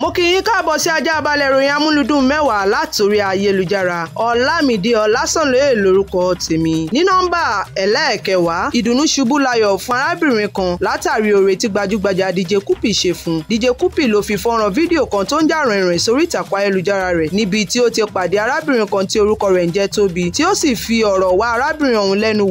mo kì í káàbọ̀ sí ajá balẹ̀ ìròyìn amúlùdùn mẹ́wàá látòrí ayélujára ọ̀làmìdí ọ̀làsànlóye lórúkọ tèmi ní nọ́mbà ẹlẹ́ẹ̀kẹwàá ìdùnnú ṣubú layọ̀ fún arábìnrin kan látàrí oore tí gbajúgbajà dj kupi ṣe fún dj kupi ló fi fọ́nrán fídíò kan tó ń jà rìnrìn sórí ìtàkùn ayélujára rẹ̀ níbi tí ó ti pàdé arábìnrin kan tí orúkọ rẹ̀ ń jẹ́ tóbi tí ó sì fi ọ̀rọ̀ wá arábìnrin ọ̀hún lẹ́nu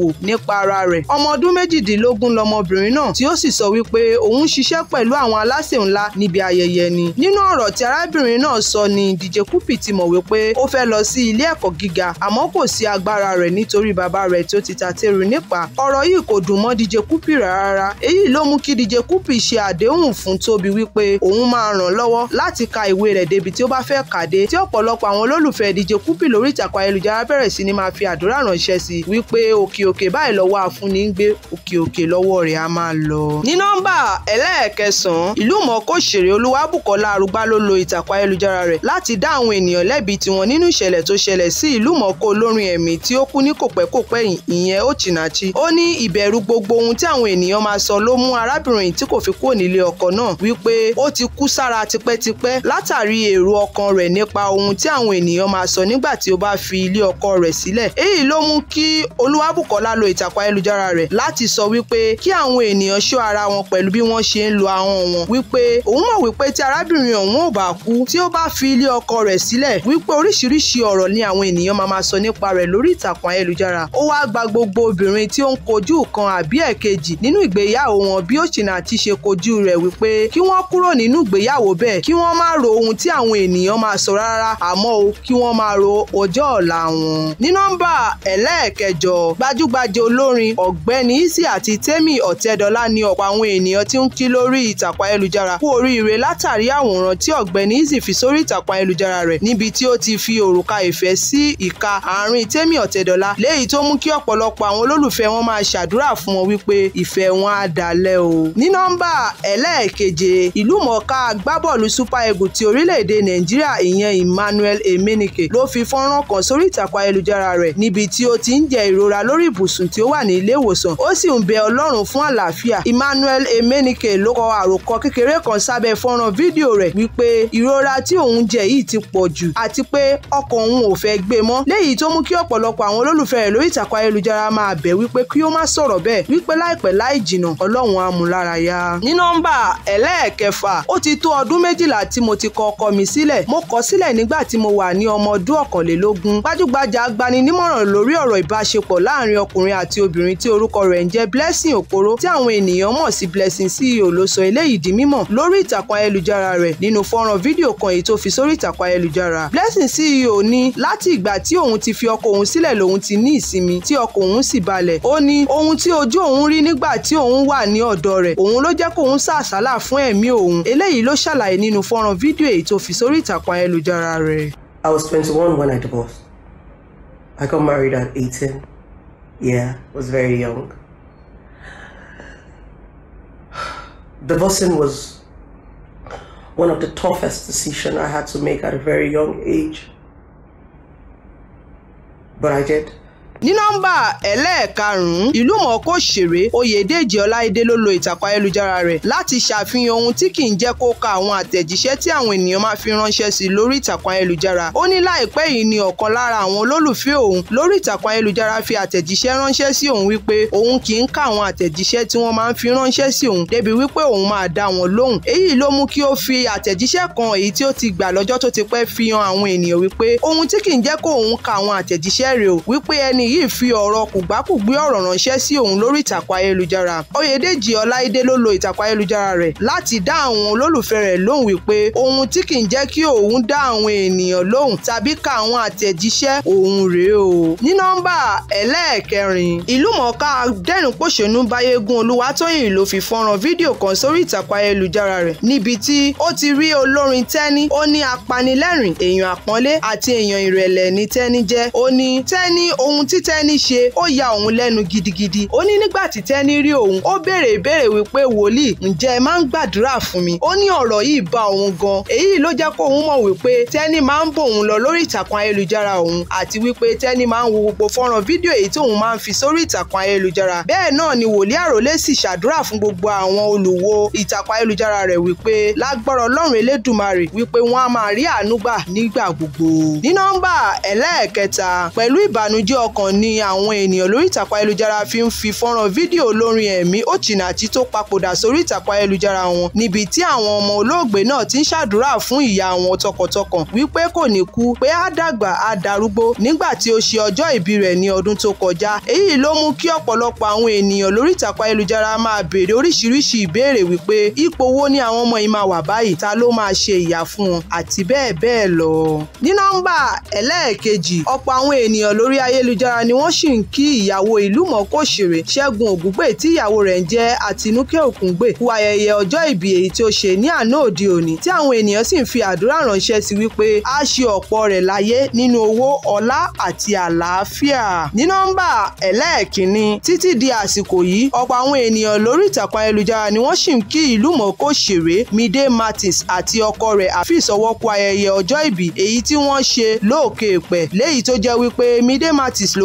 wò nínú ọ̀rọ̀ tí arábìnrin náà sọ ni dj kupi ti mọ̀ wípé ó fẹ́ lọ sí ilé ẹ̀kọ́ gíga àmọ́ kò sí agbára rẹ̀ nítorí bàbá rẹ̀ tó ti tàtẹ́rù nípa ọ̀rọ̀ yìí kò dùn mọ́ dj kupi rárá èyí ló mú kí dj kupi ṣe àdéhùn fún tóbi wípé òun máa ràn lọ́wọ́ láti ka ìwé rẹ̀ débi tí ó bá fẹ́ kàdé tí ọ̀pọ̀lọpọ̀ àwọn olólùfẹ́ dj kupi lórí ìtàkùn ayélujára bẹ̀rẹ̀ sí fi àdúrà ránṣẹ́ sí wípé òkè òkè báyìí lọ́wọ́ àfúnni ń gbé òkè òkè lọ́wọ́ rẹ̀ á máa lọ. ní nọ́mbà ẹlẹ́ẹ̀kẹsàn-án ìlú Gbá ló lo ìtàkùn ayélujára rẹ̀ láti dá àwọn ènìyàn lẹ́bi tiwọn nínú ìṣẹ̀lẹ̀ tó ṣẹlẹ̀ sí ìlúmọ̀ọ́ká olórin ẹ̀mí tí ó kú ní kòpẹ́kòpẹ́ yìí ìyẹn Ochinachi. Ó ní ìbẹ̀rù gbogbo ohun tí àwọn ènìyàn máa sọ ló mú arábìnrin tí kò fi kúrò nílé ọkọ náà wípé ó ti kú sára tipẹ́tipẹ́ látàrí èrò ọkàn rẹ̀ nípa ohun tí àwọn ènìyàn máa sọ nígbà tí ó bá fi ilé ọkọ rẹ̀ sílẹ̀. Èyí ló mú kí Olúwabùkọ́lá lo ìtàkùn ayélujára rẹ̀ láti sọ wípé kí àwọn ènìyàn ṣọ́ ara wọn pẹ̀lú bí wọ́n ṣe ń lo ahọ́n wọn wípé òun mọ̀ wípé tí arábìnrin ọ̀hún ò bá kú tí ó bá fi ilé ọkọ rẹ̀ sílẹ̀ wípé oríṣiríṣi ọ̀rọ̀ ni àwọn ènìyàn máa máa sọ nípa rẹ̀ lórí ìtàkùn ayélujára ó wá gba gbogbo obìnrin tí ó ń kojú kan àbí ẹ̀kejì nínú ìgbéyàwó wọn bí Òṣìnà àti ṣe kojú rẹ̀ wípé kí wọ́n kúrò nínú ìgbéyàwó bẹ́ẹ̀ kí wọ́n má ro ohun tí àwọn ènìyàn máa sọ rárá àmọ́ o kí wọ́n máa ro ọjọ́ ọ̀la wọn. ní nọ́mbà ẹlẹ́ẹ̀kẹjọ gbajúgbajà olórin ọ̀gbẹ́ni isi àti tẹ́mi ọ̀tẹ́dọ́lá ni ọ̀pọ̀ àwọn ènìyàn ti ń kí lórí ìtàkùn ayélujára kú oríire látàrí àwòrán tí ọ̀gbẹ́ni isi fi sórí ìtàkùn ayélujára rẹ̀ níbi tí ó ti fi òrùka ìfẹ́ sí ìka àárín tẹ́mi ọ̀tẹ́dọ́lá léyìí tó mú kí ọ̀pọ̀lọpọ̀ àwọn olólùfẹ́ wọn máa ṣàdúrà fún wọn wípé ìfẹ́ wọn á dalẹ̀ o. ní nọ́mbà ẹlẹ́ẹ̀keje ìlúmọ̀ọ́ká agbábọ́ọ̀lù super eagles ti orílẹ̀-èdè nàìjíríà ìyẹn Emmanuel Emenike ló fi fọ́nrán kan sórí ìtàkùn ayélujára rẹ̀ níbi t tí ó ti ń jẹ ìrora lórí ibùsùn tí ó wà ní ilé ìwòsàn ó sì ń bẹ ọlọ́run fún àlàáfíà Emmanuel Emenike ló kọ àròkọ kékeré kan sábẹ́ fọ́nrán fídíò rẹ̀ wípé ìrora tí òun jẹ yìí ti pọ̀ jù àti pé ọkàn òun ò fẹ́ gbé mọ́ léyìí tó mú kí ọ̀pọ̀lọpọ̀ àwọn olólùfẹ́ rẹ̀ lórí ìtàkùn ayélujára máa bẹ̀ wípé kí ó má sọ̀rọ̀ bẹ́ẹ̀ wípé láìpẹ́ láì jìnà ọlọ́run amúláraya. ní nọ́mbà ẹlẹ́ẹ̀kẹfà ó ti tó ọdún méjìlá tí mo ti kọ ọkọ mi sílẹ̀ mo kọ sílẹ̀ nígbà tí mo wà ní ọmọ ọdún ọ̀kànlélógún gbajúgbajà agbaninímọ̀ràn l lórí ọ̀rọ̀ ìbáṣepọ̀ láàrin ọkùnrin àti obìnrin tí orúkọ rẹ̀ ń jẹ́ Blessing Okoro tí àwọn ènìyàn mọ̀ sí Blessing CEO ló sọ eléyìí di mímọ̀ lórí ìtàkùn ayélujára rẹ̀ nínú fọ́nrán fídíò kan èyí tó fi sórí ìtàkùn ayélujára Blessing CEO ní láti ìgbà tí òun ti fi ọkọ òun sílẹ̀ lòun ti ní ìsinmi tí ọkọ òun sì balẹ̀ ó ní ohun tí ojú òun rí nígbà tí òun wà ní ọ̀dọ̀ rẹ̀ òun ló jẹ́ kóun sàsálà fún ẹ̀mí òun eléyìí ló ṣàlàyé nínú fọ́nrán fídíò èyí tó fi sórí ìtàkùn ayélujára rẹ̀. I was twenty-one when I divorced. I got married at 18. Yeah, was very young. Divorcing was one of the toughest decisions I had to make at a very young age. But I did. ní nọ́mbà ẹlẹ́ẹ̀karùn-ún ìlúmọ̀ọ́ká òṣèré oyèdèjì ọláìdé ló lo ìtàkùn ayélujára rẹ̀ láti ṣàfihàn ohun tí kì í jẹ́ kó ka àwọn àtẹ̀jíṣẹ́ tí àwọn ènìyàn máa fi ránṣẹ́ sí lórí ìtàkùn ayélujára ó ní láìpẹ́ yìí ni ọ̀kan lára àwọn olólùfẹ́ òun lórí ìtàkùn ayélujára fi àtẹ̀jíṣẹ́ ránṣẹ́ sí òun wípé òun kì í ka àwọn àtẹ̀jíṣẹ́ tí wọ́n máa ń fi ránṣẹ́ sí òun débi wípé òun máa dá wọn lóhùn èyí ló mú kí ó fi àtẹ̀jíṣẹ́ kan èyí tí ó ti gbà lọ́jọ́ tó ti pẹ́ fi hàn àwọn ènìyàn wípé ohun tí kì í jẹ́ kó òun ka àwọn àtẹ̀jíṣẹ́ rẹ̀ o wípé ẹni yìí fi ọ̀rọ̀ kùgbákùgbé ọ̀rọ̀ ránṣẹ́ sí òun lórí ìtàkùn ayélujára Oyèdèjì Ọláìdé ló lo ìtàkùn ayélujára rẹ̀ láti dá àwọn olólùfẹ́ rẹ̀ lóhùn wípé ohun tí kì í jẹ́ kí òun dá àwọn ènìyàn lóhùn tàbí ka àwọn àtẹ̀jíṣẹ́ òun rèé o ní nọ́mbà ẹlẹ́ẹ̀kẹrin ìlúmọ̀ọ́ká dẹ́rìn-pọ̀ṣónú Báyégún Olúwatóyìn ló fi fọ́nrán fídíò kan sórí ìtàkùn ayélujára rẹ̀ níbi tí ó ti rí olórin Tẹ́ní ó ní apanilẹ́rìn èèyàn àpọ́nlé àti èèyàn ìrẹ̀lẹ̀ ní Tẹ́ní jẹ́ ó ní Tẹ́ní ohun tí tí tẹ́ni ṣe ó ya òun lẹ́nu gidigidi ó ní nígbà tí tẹ́ni rí òun ó béèrè ìbéèrè wípé wòlíì ǹjẹ́ ẹ máa ń gbàdúrà fún mi ó ní ọ̀rọ̀ yìí bá òun gan èyí ló jẹ́ kó òun mọ̀ wípé tẹ́ni máa ń bò òun lọ lórí ìtàkùn ayélujára òun àti wípé tẹ́ni máa ń wo gbogbo fọ́nrán fídíò èyí tóun máa ń fi sórí ìtàkùn ayélujára bẹ́ẹ̀ náà ni wòlíì àròlé sì ṣàdúrà fún ni àwọn ènìyàn lórí ìtàkùn ayélujára fi ń fi fọ́nrán fídíò olórin ẹ̀mí Òchìnàchí tó papòdà sórí ìtàkùn ayélujára wọn níbi tí àwọn ọmọ olóògbé náà ti ń ṣàdúrà fún ìyá wọn tọkàntọkàn wípé kò ní kú pé á dàgbà á darúgbó nígbà tí ó ṣe ọjọ́ ìbí rẹ̀ ní ọdún tó kọjá èyí ló mú kí ọ̀pọ̀lọpọ̀ àwọn ènìyàn lórí ìtàkùn ayélujára máa ni àwọn ọmọ yìí máa wà báyìí ni wọ́n sì ń kí ìyàwó ìlúmọ̀ọ́ká òṣèré Ṣẹ́gun Ògúngbè tí ìyàwó rẹ̀ ń jẹ́ Àtinúkẹ́ Ògúngbè kú ayẹyẹ ọjọ́ ìbí èyí tí ó ṣe ní àná òde òní tí àwọn ènìyàn sì ń fi àdúrà ránṣẹ́ sí wípé á ṣe ọ̀pọ̀ rẹ̀ láyé nínú owó ọlá àti àlàáfíà. ní nọ́mbà ẹlẹ́ẹ̀kínní títí di àsìkò yìí ọ̀pọ̀ àwọn ènìyàn lórí ìtàkùn ayélujára ni wọ́n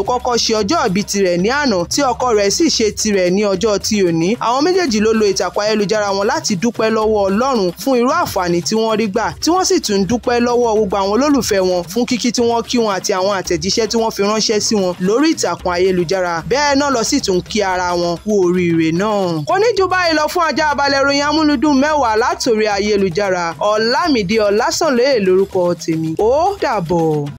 kọ́kọ́ ṣe ọjọ́ ìbí tirẹ̀ ní àná tí ọkọ rẹ̀ sì ṣe tirẹ̀ ní ọjọ́ ti òní àwọn méjèèjì ló lo ìtàkùn ayélujára wọn láti dúpẹ́ lọ́wọ́ Ọlọ́run fún irú àǹfààní tí wọ́n rí gbà tí wọ́n sì tún dúpẹ́ lọ́wọ́ gbogbo àwọn olólùfẹ́ wọn fún kíkí tí wọ́n kí wọn àti àwọn àtẹ̀jíṣẹ́ tí wọ́n fi ránṣẹ́ sí wọn lórí ìtàkùn ayélujára bẹ́ẹ̀ náà lọ sì tún kí ara wọn kú oríire náà. kò ní ju báyìí lọ fún ajá balẹ̀ ròyìn amúlùdùn mẹ́wàá látòrí ayélujára Ọlámídé Ọlásànlẹ̀ lórúkọ tèmi ó dàbọ̀.